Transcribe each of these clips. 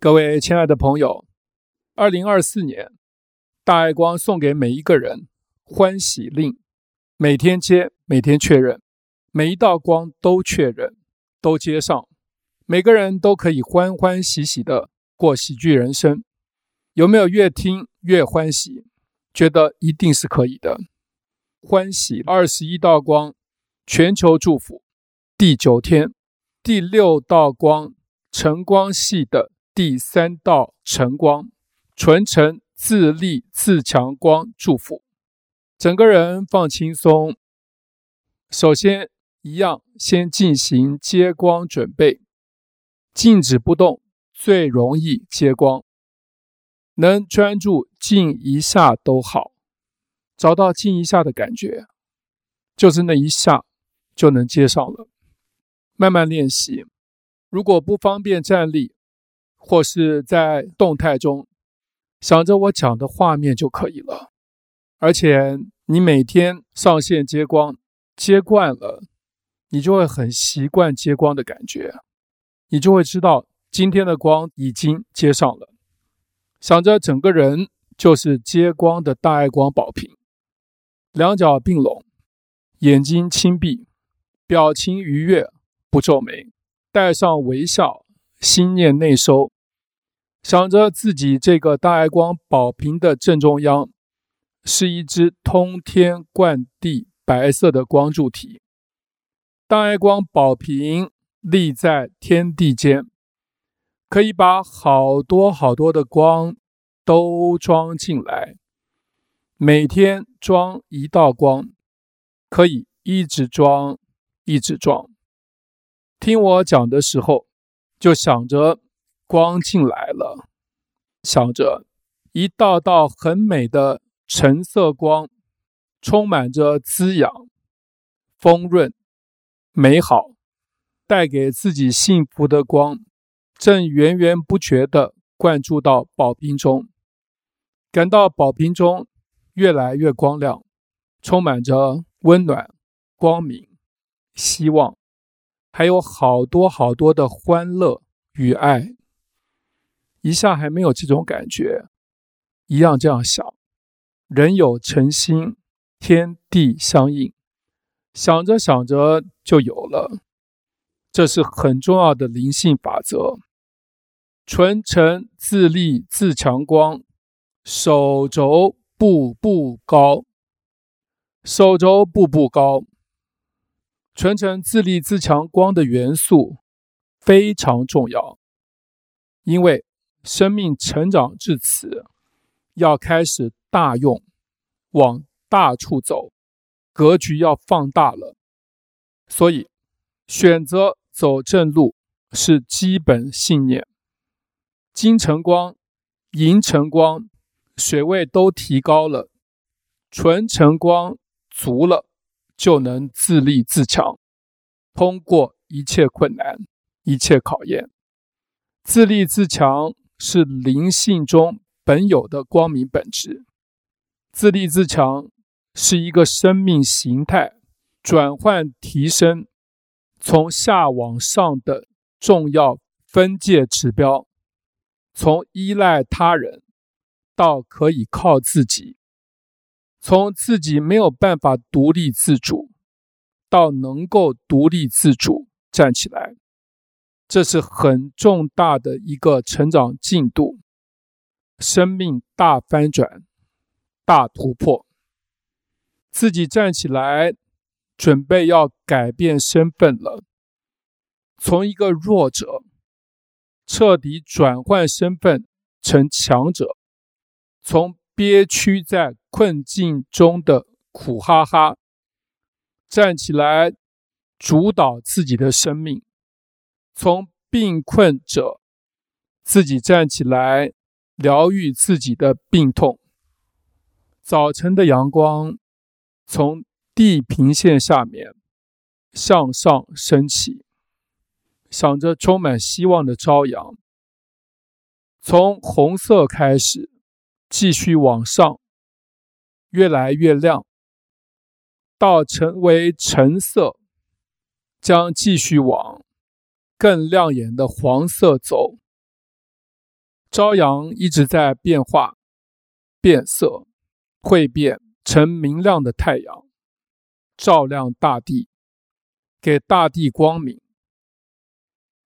各位親愛的朋友，二零二四年，大愛光送給每一個人歡喜令，每天接，每天確認，每一道光都確認，都接上，每個人都可以歡歡喜喜的過喜劇人生。有沒有越聽越歡喜？覺得一定是可以的。歡喜二十一道光，全球祝福，第九天，第六道光，純橙系的。第三道晨光，純橙自立自強光祝福，整個人放輕鬆。首先，一樣先進行接光準備，靜止不動最容易接光，能專注靜一下都好，找到靜一下的感覺，就是那一下就能接上了。慢慢練習，如果不方便站立。或是在動態中想着我講的畫面就可以了，而且你每天上線接光接慣了，你就會很習慣接光的感覺，你就會知道今天的光已經接上了。想着整個人就是接光的大愛光寶瓶，兩腳併攏，眼睛輕閉，表情愉悅，不皺眉，帶上微笑，心念內收。想着自己這個大愛光寶瓶的正中央，是一隻通天貫地白色的光柱體。大愛光寶瓶立在天地間，可以把好多好多的光都裝進來。每天裝一道光，可以一直裝，一直裝。聽我講的時候，就想着。光進來了，想着一道道很美的橙色光，充滿着滋養、豐潤、美好，帶給自己幸福的光，正源源不絕地灌注到寶瓶中，感到寶瓶中越來越光亮，充滿着溫暖、光明、希望，還有好多好多的歡樂與愛。一下還沒有這種感覺，一樣這樣想，人有誠心，天地相應。想着想着就有了，這是很重要的靈性法則。純橙自立自強光，守軸步步高。守軸步步高，純橙自立自強光的元素非常重要，因為。生命成長至此，要開始大用，往大處走，格局要放大了。所以，選擇走正路是基本信念。金橙光、銀橙光、水位都提高了，純橙光足了，就能自立自強，通過一切困難、一切考驗，自立自強。是靈性中本有的光明本質。自立自強是一個生命形態轉換提升，從下往上的重要分界指標。從依賴他人到可以靠自己，從自己沒有辦法獨立自主到能夠獨立自主站起來。這是很重大的一個成長進度，生命大翻轉、大突破，自己站起來，準備要改變身份了，從一個弱者徹底轉換身份成強者，從憋屈在困境中的苦哈哈站起來，主導自己的生命。從病困者自己站起來，療癒自己的病痛。早晨的陽光從地平線下面向上升起，想着充滿希望的朝陽，從紅色開始，繼續往上，越來越亮，到成為橙色，將繼續往。更亮眼的黃色走，朝陽一直在變化，變色會變成明亮的太陽，照亮大地，給大地光明。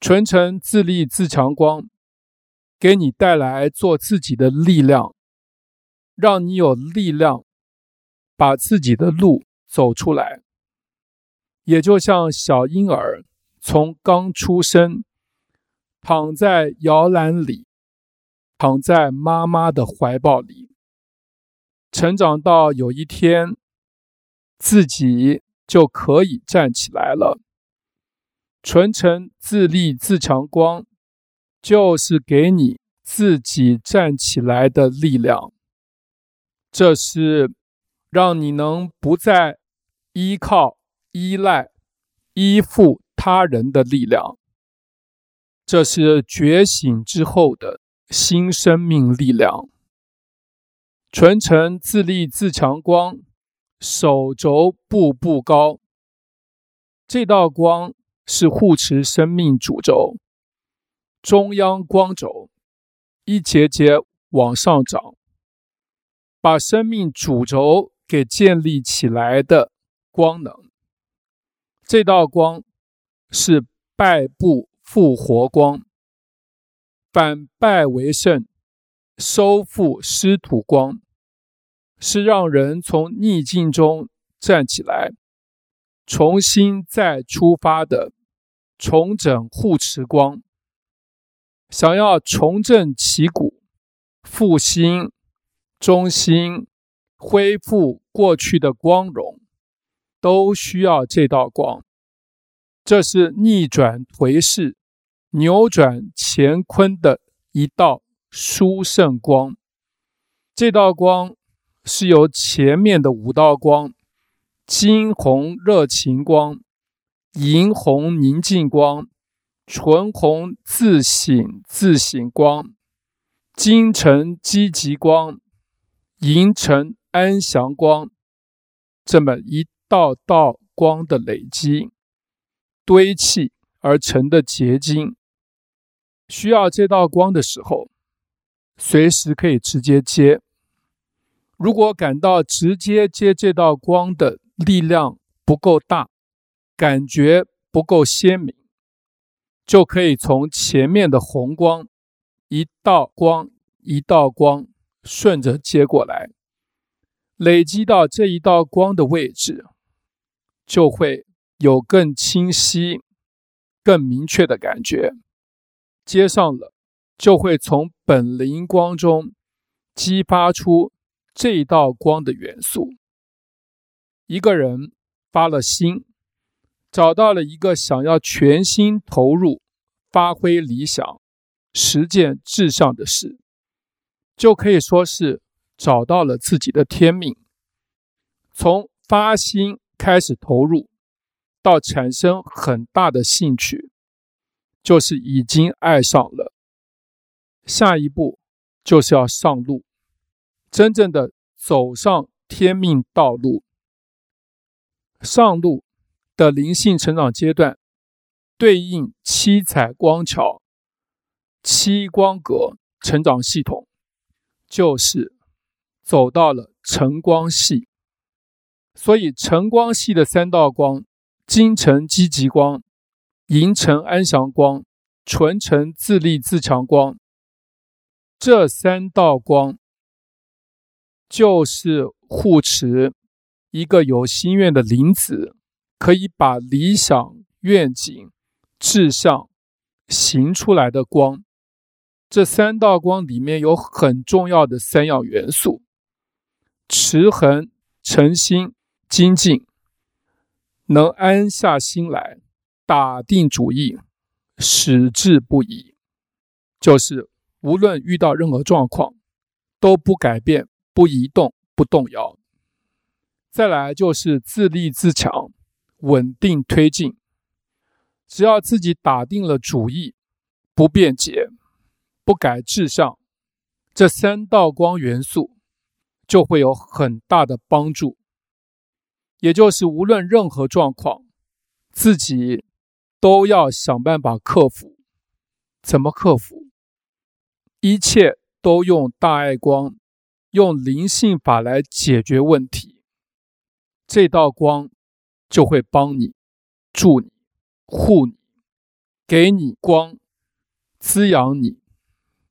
純橙自立自強光，給你帶來做自己的力量，讓你有力量，把自己的路走出來。也就像小嬰兒。從剛出生，躺在搖籃裡，躺在媽媽的懷抱裡，成長到有一天，自己就可以站起來了。純橙自立自強光，就是給你自己站起來的力量。這是讓你能不再依靠、依賴、依附。他人的力量，這是覺醒之後的新生命力量。純橙自立自強光，守軸步步高。這道光是護持生命主軸、中央光軸，一節節往上長，把生命主軸給建立起來的光能。這道光是敗部復活光，反敗為勝，收復失土光，是讓人從逆境中站起來，重新再出發的重整護持光。想要重振旗鼓、復興、中興，恢復過去的光榮，都需要這道光。這是逆轉頹勢、扭轉乾坤的一道殊勝光。這道光是由前面的五道光：金紅熱情光、銀紅寧靜光、純紅自省自省光、金橙積極光、銀橙安詳光，這麼一道道光的累積堆砌而成的結晶，需要這道光的時候，隨時可以直接接。如果感到直接接這道光的力量不夠大，感覺不夠鮮明，就可以從前面的紅光一道光一道光順着接過來，累積到這一道光的位置，就會，有更清晰、更明確的感覺，接上了，就會從本靈光中激發出這道光的元素。一個人發了心，找到了一個想要全心投入、發揮理想、實踐至上的事，就可以說是找到了自己的天命。從發心開始投入。到產生很大的興趣，就是已經愛上了。下一步就是要上路，真正的走上天命道路。上路的靈性成長階段，對應七彩光橋、七光格成長系統，就是走到了晨光系。所以晨光系的三道光，金橙積極光，銀橙安祥光，純橙自立自強光。這三道光，就是護持一個有心願的靈子，可以把理想、願景、志向行出來的光。這三道光裡面有很重要的三樣元素：持恆、誠心、精進。能安下心來，打定主意，矢志不移，就是無論遇到任何狀況，都不改變、不移動、不動搖。再來就是自立自強，穩定推進。只要自己打定了主意，不辯解，不改志向，這三道光元素就會有很大的幫助。也就是，無論任何狀況，自己都要想辦法克服。怎麼克服？一切都用大愛光，用靈性法來解決問題。這道光就會幫你、助你、護你，給你光，滋養你，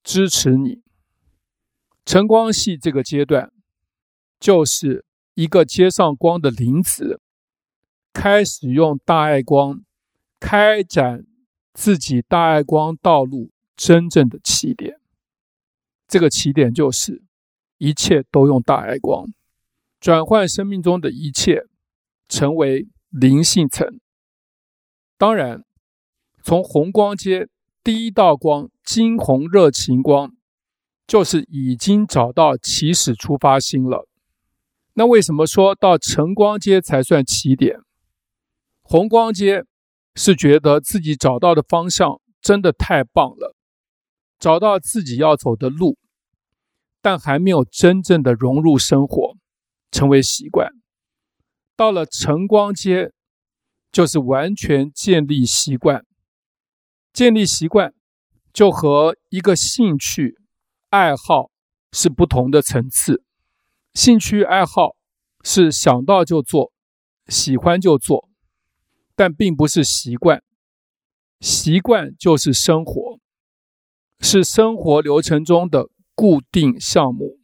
支持你。純橙系這個階段，就是。一個接上光的靈子，開始用大愛光開展自己大愛光道路真正的起點。這個起點就是一切都用大愛光轉換生命中的一切，成為靈性層。當然，從紅光階第一道光金紅熱情光，就是已經找到起始出發心了。那為什麼說到橙光階，才算起點？紅光階，是覺得自己找到的方向真的太棒了，找到自己要走的路，但還沒有真正的融入生活，成為習慣。到了橙光階，就是完全建立習慣。建立習慣，就和一個興趣愛好是不同的層次。興趣愛好是想到就做，喜歡就做，但並不是習慣。習慣就是生活，是生活流程中的固定項目。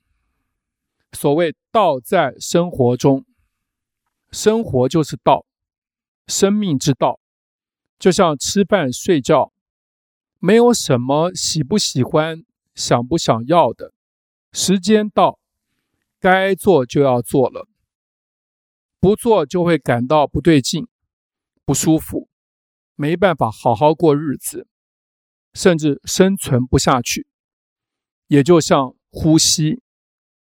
所謂道在生活中，生活就是道，生命之道，就像吃飯睡覺，沒有什麼喜不喜歡、想不想要的，時間到。該做就要做了，不做就會感到不對勁、不舒服，沒辦法好好過日子，甚至生存不下去。也就像呼吸，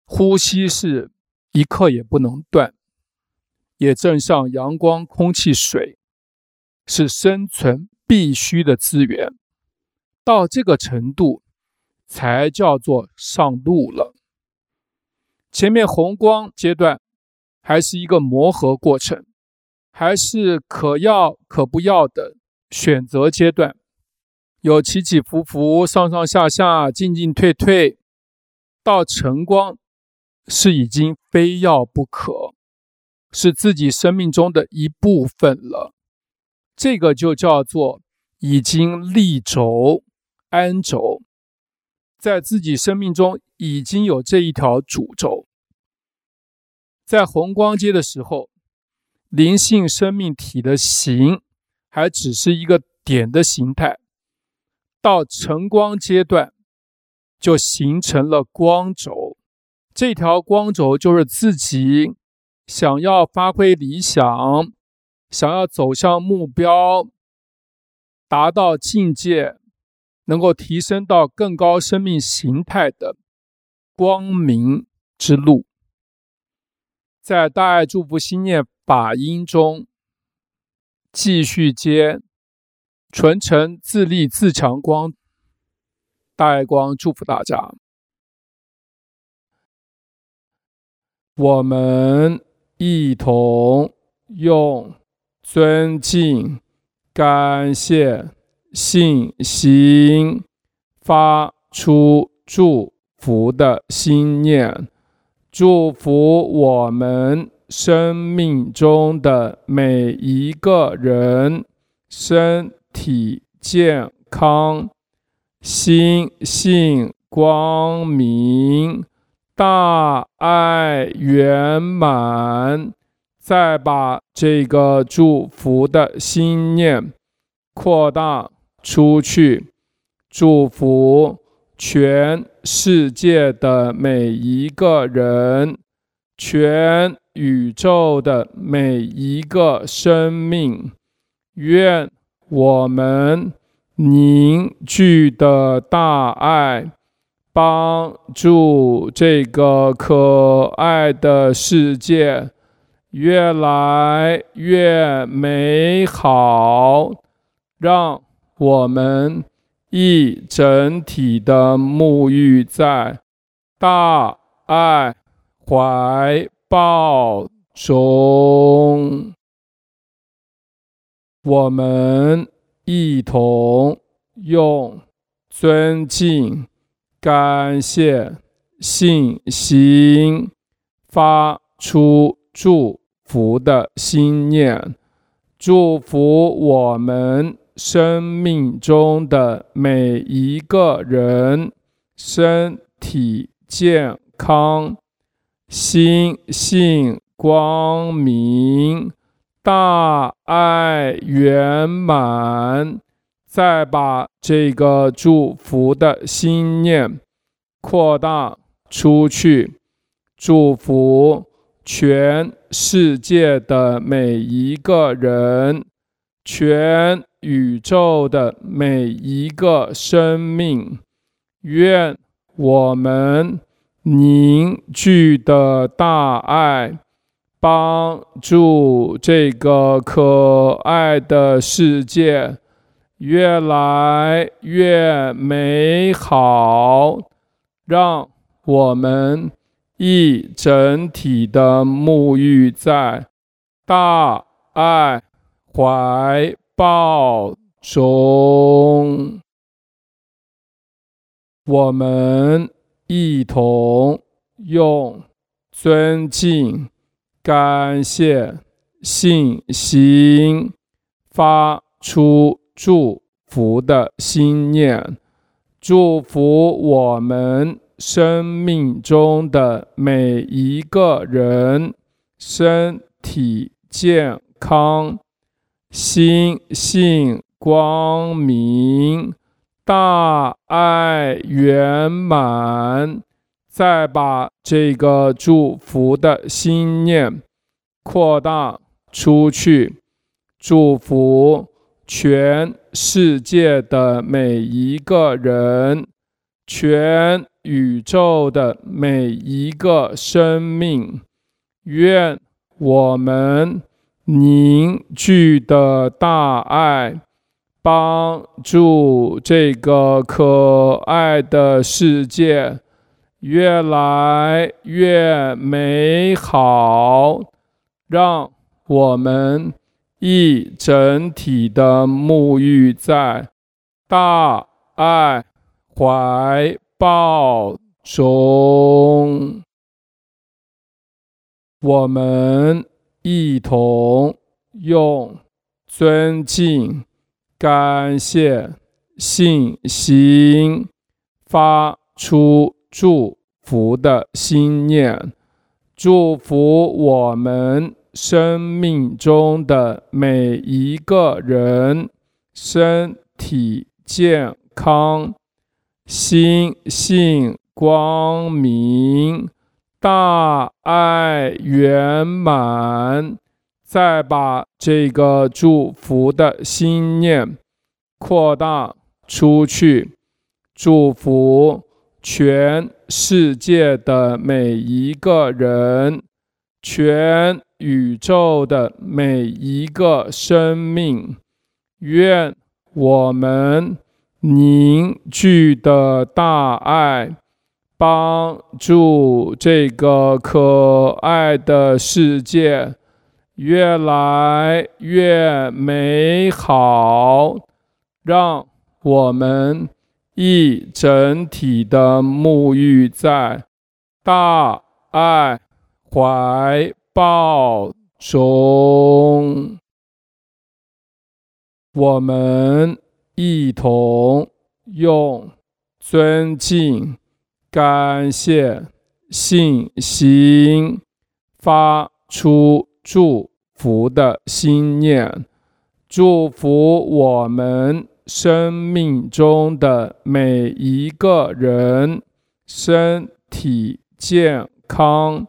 呼吸是一刻也不能斷。也正像陽光、空氣、水，是生存必須的資源。到這個程度，才叫做上路了。前面紅光階段還是一個磨合過程，還是可要可不要的選擇階段，有起起伏伏、上上下下、進進退退。到橙光是已經非要不可，是自己生命中的一部分了。這個就叫做已經立軸安軸，在自己生命中。已經有這一條主軸，在紅光階的時候，靈性生命體的形還只是一個點的形態；到橙光階段，就形成了光軸。這條光軸就是自己想要發揮理想、想要走向目標、達到境界、能夠提升到更高生命形態的。光明之路，在大愛祝福心念法音中繼續接，純橙自立自強光，大愛光祝福大家。我們一同用尊敬、感謝、信心發出祝。福的心念，祝福我們生命中的每一個人身體健康，心性光明，大愛圓滿。再把這個祝福的心念擴大出去，祝福全。世界的每一個人，全宇宙的每一個生命，願我們凝聚的大愛，幫助這個可愛的世界越來越美好，讓我們。一整體的沐浴在大愛懷抱中，我們一同用尊敬、感謝、信心，發出祝福的心念，祝福我們。生命中的每一個人，身體健康，心性光明，大愛圓滿。再把這個祝福的心念擴大出去，祝福全世界的每一個人，全宇宙的每一個生命，願我們凝聚的大愛，幫助這個可愛的世界越來越美好，讓我們一整體的沐浴在大愛懷抱。報中，我們一同用尊敬、感謝、信心，發出祝福的心念，祝福我們生命中的每一個人身體健康，心性光明，大愛圓滿。再把這個祝福的心念擴大出去，祝福全世界的每一個人，全宇宙的每一個生命。願我們。凝聚的大愛，幫助這個可愛的世界越來越美好，讓我們一整體的沐浴在大愛懷抱中，我們。一同用尊敬、感謝、信心發出祝福的心念，祝福我們生命中的每一個人，身體健康，心性光明。大愛圓滿，再把這個祝福的心念擴大出去，祝福全世界的每一個人，全宇宙的每一個生命。願我們凝聚的大愛。幫助這個可愛的世界越來越美好，讓我們一整體的沐浴在大愛懷抱中，我們一同用尊敬、感謝信心發出祝福的心念，祝福我們生命中的每一個人，身體健康，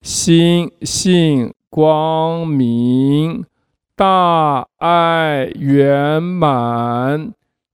心性光明，大愛圓滿。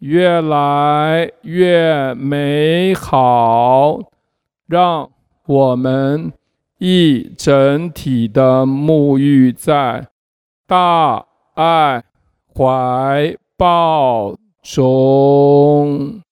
越來越美好，讓我們一整體的沐浴在大愛懷抱中。